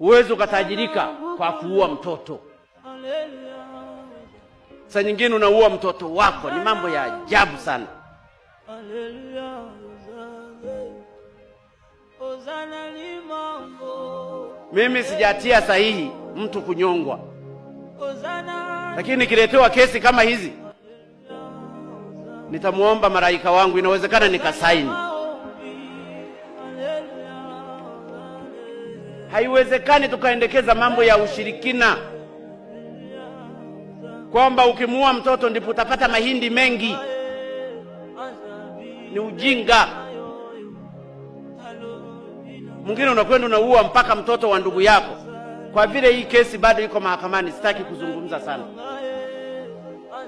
Huwezi ukatajirika kwa kuua mtoto. Saa nyingine unaua mtoto wako, ni mambo ya ajabu sana. Mimi sijatia sahihi mtu kunyongwa, lakini nikiletewa kesi kama hizi, nitamwomba malaika wangu, inawezekana nikasaini Haiwezekani tukaendekeza mambo ya ushirikina kwamba ukimuua mtoto ndipo utapata mahindi mengi. Ni ujinga. Mwingine unakwenda unaua mpaka mtoto wa ndugu yako. Kwa vile hii kesi bado iko mahakamani, sitaki kuzungumza sana,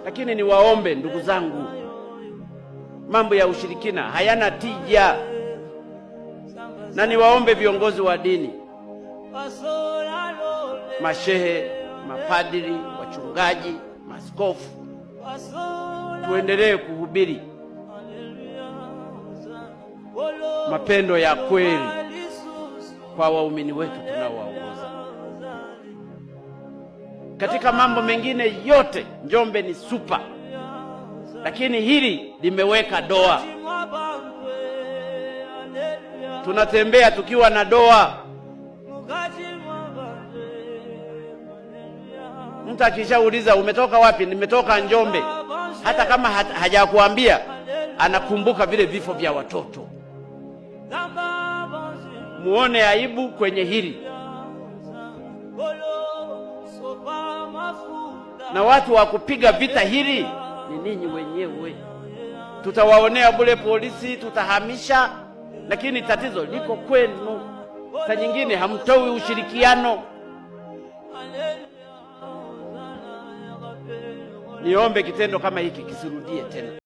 lakini niwaombe ndugu zangu, mambo ya ushirikina hayana tija, na niwaombe viongozi wa dini mashehe, mapadiri, wachungaji, maskofu, tuendelee kuhubiri mapendo ya kweli kwa waumini wetu tunaowaongoza. Katika mambo mengine yote Njombe ni supa, lakini hili limeweka doa. Tunatembea tukiwa na doa. Mtu akishauliza umetoka wapi, nimetoka Njombe, hata kama hajakuambia anakumbuka vile vifo vya watoto. Muone aibu kwenye hili, na watu wa kupiga vita hili ni ninyi wenyewe. Tutawaonea bure polisi, tutahamisha, lakini tatizo liko kwenu. Saa nyingine hamtoi ushirikiano. niombe kitendo kama hiki kisirudie tena.